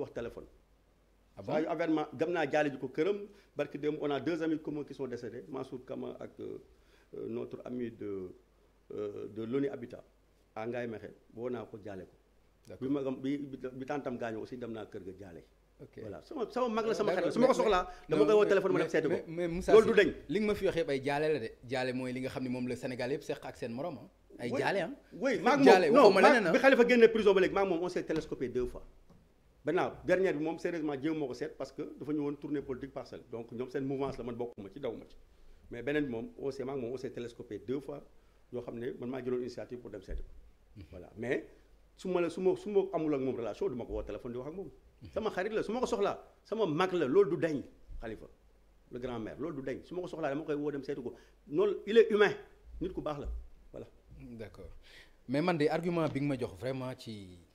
wax téléphone. ah bon saa yu avènement dem naa jaale ji ko këram barki démb on deux amis communs qui sont décédés Mansour Kama ak euh, euh, notre ami de euh, de l'ONU Habitat à Ngaye Mexe woo naa ko jaale ko. bi ma bi bi tantam gaañoo aussi dem naa kër ga jaale. ok voilà sama mag la sama xarit su ma ko soxlaa dama koy woo téléphone ma dem ko li nga ma xam ne moom la Sénégal yëpp seq ak seen morom ah. ay jaale ah oui maag moom non ah. bi Khalifa génnee prison ba léegi maag maintenant dernière bi moom sérieusement jéem moo ko seet parce que dafa ñu woon tournée politique parcelle donc ñoom seen mouvance la man bokkuma ci daw ma ci mais ne man maa jëloon initiative pour dem seeti ko su ma la su ma su ma amul ak moom relation du ma ko woo téléphone di wax ak moom sama xarit la su ma ko soxlaa sama mag la loolu du dañ xalifa le grand maire loolu du dañ su ma ko soxlaa dama koy woo dem seeti ko noonu il est humain nit ku baax la voilà d'accord mais man de argument bi nga ma jox vraiment ci